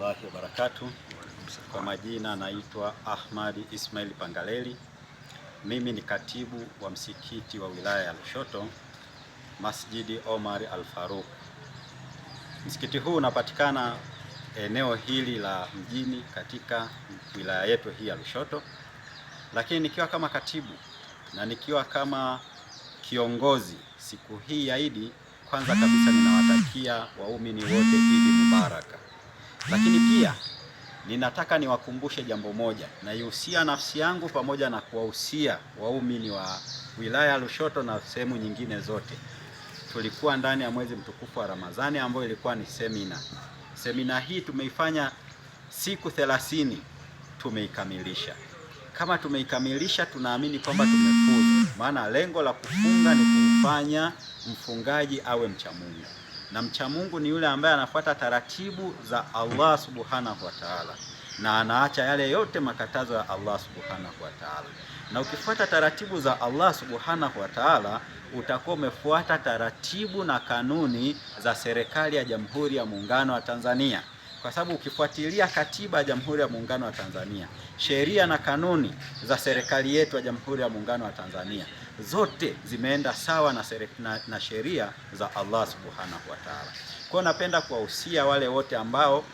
warahmatullahi wabarakatuh. Kwa majina naitwa Ahmadi Ismail Pangaleli, mimi ni katibu wa msikiti wa wilaya ya Lushoto, Masjidi Omar Al Msikiti huu unapatikana eneo hili la mjini katika wilaya yetu hii ya Lushoto, lakini nikiwa kama katibu na nikiwa kama kiongozi siku hii ya Idi, kwanza kabisa ninawatakia waumini wote Idi Mubaraka. Lakini pia ninataka niwakumbushe jambo moja, naihusia nafsi yangu pamoja na kuwahusia waumini wa wilaya ya Lushoto na sehemu nyingine zote. Tulikuwa ndani ya mwezi mtukufu wa Ramadhani ambayo ilikuwa ni semina. Semina hii tumeifanya siku thelathini, tumeikamilisha. Kama tumeikamilisha, tunaamini kwamba tumefuzu, maana lengo la kufunga ni kumfanya mfungaji awe mcha Mungu na mcha Mungu ni yule ambaye anafuata taratibu za Allah subhanahu wa taala na anaacha yale yote makatazo ya Allah subhanahu wa taala. Na ukifuata taratibu za Allah subhanahu wa taala utakuwa umefuata taratibu na kanuni za serikali ya Jamhuri ya Muungano wa Tanzania, kwa sababu ukifuatilia katiba ya Jamhuri ya Muungano wa Tanzania, sheria na kanuni za serikali yetu ya Jamhuri ya Muungano wa Tanzania zote zimeenda sawa na, na, na sheria za Allah subhanahu wa taala. Kwa hiyo napenda kuwahusia wale wote ambao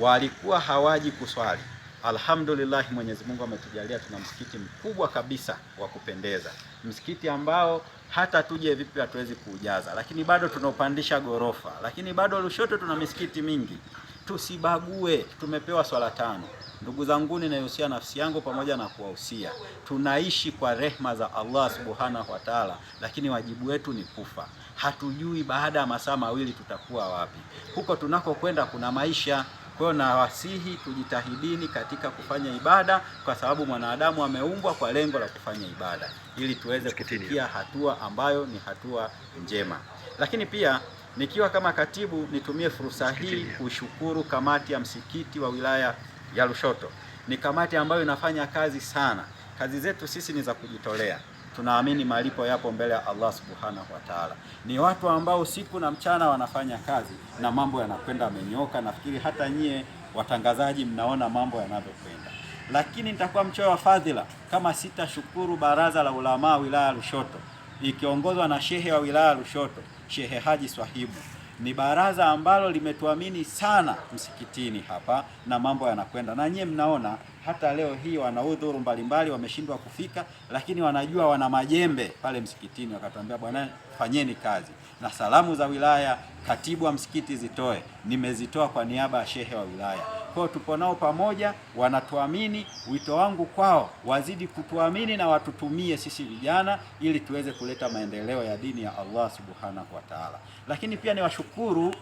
walikuwa hawaji kuswali. Alhamdulillah, Mwenyezi Mungu ametujalia tuna msikiti mkubwa kabisa wa kupendeza, msikiti ambao hata tuje vipi hatuwezi kuujaza, lakini bado tunaupandisha ghorofa, lakini bado Lushoto tuna misikiti mingi tusibague. Tumepewa swala tano. Ndugu zanguni, naihusia nafsi yangu pamoja na kuwahusia, tunaishi kwa rehma za Allah subhanahu wa taala, lakini wajibu wetu ni kufa. Hatujui baada ya masaa mawili tutakuwa wapi. Huko tunakokwenda kuna maisha. Kwa hiyo nawasihi tujitahidini katika kufanya ibada, kwa sababu mwanadamu ameumbwa kwa lengo la kufanya ibada, ili tuweze kufikia hatua ambayo ni hatua njema, lakini pia Nikiwa kama katibu, nitumie fursa hii kushukuru kamati ya msikiti wa wilaya ya Lushoto. Ni kamati ambayo inafanya kazi sana. Kazi zetu sisi ni za kujitolea, tunaamini malipo yapo mbele ya Allah subhanahu wa taala. Ni watu ambao siku na mchana wanafanya kazi na mambo yanakwenda amenyoka. Nafikiri hata nyie watangazaji mnaona mambo yanavyokwenda, lakini nitakuwa mchoyo wa fadhila kama sitashukuru baraza la ulamaa wilaya ya Lushoto ikiongozwa na shehe wa wilaya ya Lushoto Shehe Haji Swahibu ni baraza ambalo limetuamini sana msikitini hapa, na mambo yanakwenda na nyie mnaona hata leo hii wana udhuru mbalimbali, wameshindwa kufika, lakini wanajua wana majembe pale msikitini, wakatuambia bwana, fanyeni kazi. Na salamu za wilaya, katibu wa msikiti zitoe, nimezitoa kwa niaba ya shehe wa wilaya. Kwa hiyo tupo nao pamoja, wanatuamini. Wito wangu kwao, wazidi kutuamini na watutumie sisi vijana, ili tuweze kuleta maendeleo ya dini ya Allah subhanahu wa taala. Lakini pia niwashukuru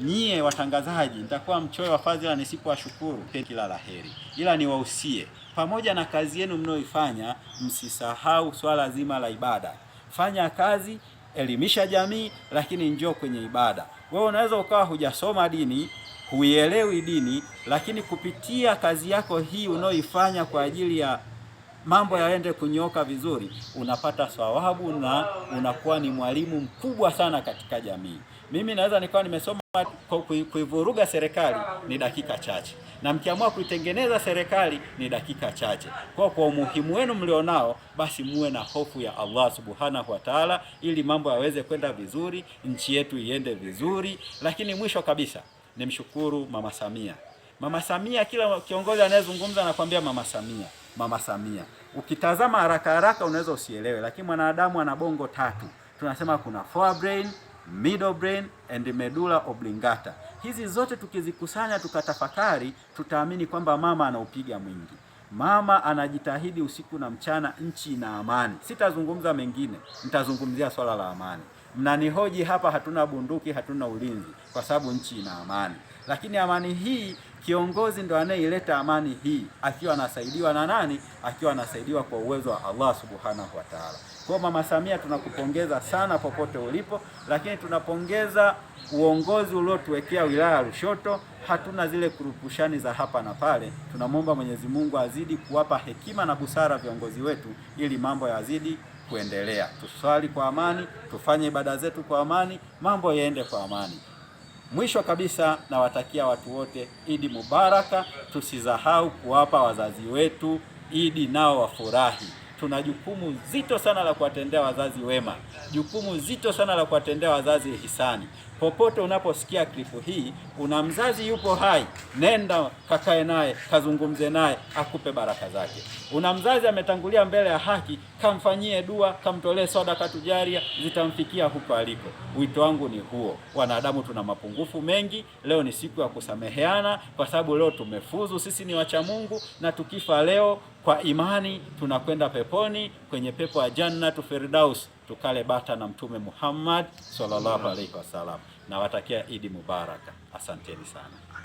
nyie watangazaji, nitakuwa mchoyo wa fadhila nisipowashukuru. Kila la heri, ila niwausie pamoja na kazi yenu mnayoifanya, msisahau swala zima la ibada. Fanya kazi, elimisha jamii, lakini njoo kwenye ibada. Wewe unaweza ukawa hujasoma dini huielewi dini, lakini kupitia kazi yako hii unaoifanya kwa ajili ya mambo yaende kunyoka vizuri, unapata thawabu na unakuwa ni mwalimu mkubwa sana katika jamii. Mimi naweza nikawa nimesoma kuivuruga serikali ni dakika chache, na mkiamua kuitengeneza serikali ni dakika chache. Kwa kwa umuhimu wenu mlionao, basi muwe na hofu ya Allah subhanahu wa taala, ili mambo yaweze kwenda vizuri, nchi yetu iende vizuri. Lakini mwisho kabisa nimshukuru Mama Samia. Mama Samia, kila kiongozi anayezungumza anakuambia Mama Samia, Mama Samia. Ukitazama haraka haraka unaweza usielewe, lakini mwanadamu ana bongo tatu. Tunasema kuna forebrain middle brain and medulla oblongata. Hizi zote tukizikusanya tukatafakari, tutaamini kwamba mama anaupiga mwingi. Mama anajitahidi usiku na mchana, nchi ina amani. Sitazungumza mengine, nitazungumzia swala la amani mnanihoji hapa, hatuna bunduki, hatuna ulinzi, kwa sababu nchi ina amani. Lakini amani hii, kiongozi ndo anayeileta amani hii, akiwa anasaidiwa na nani? Akiwa anasaidiwa kwa uwezo wa Allah subhanahu wa taala. Kwa Mama Samia tunakupongeza sana popote ulipo, lakini tunapongeza uongozi uliotuwekea wilaya ya Lushoto. Hatuna zile kurupushani za hapa na pale. Tunamwomba Mwenyezi Mungu azidi kuwapa hekima na busara viongozi wetu, ili mambo yazidi kuendelea. Tuswali kwa amani, tufanye ibada zetu kwa amani, mambo yaende kwa amani. Mwisho kabisa, nawatakia watu wote Idi Mubaraka. Tusisahau kuwapa wazazi wetu Idi nao wafurahi tuna jukumu zito sana la kuwatendea wazazi wema, jukumu zito sana la kuwatendea wazazi hisani. Popote unaposikia klipu hii, una mzazi yupo hai, nenda kakae naye, kazungumze naye, akupe baraka zake. Una mzazi ametangulia mbele ya haki, kamfanyie dua, kamtolee sadaka tujaria, zitamfikia huko alipo. Wito wangu ni huo. Wanadamu tuna mapungufu mengi. Leo ni siku ya kusameheana, kwa sababu leo tumefuzu, sisi ni wacha Mungu, na tukifa leo kwa imani tunakwenda peponi kwenye pepo ya Jannatu Firdaus, tukale bata na Mtume Muhammad sallallahu alaihi wasallam. Nawatakia Idi mubaraka, asanteni sana.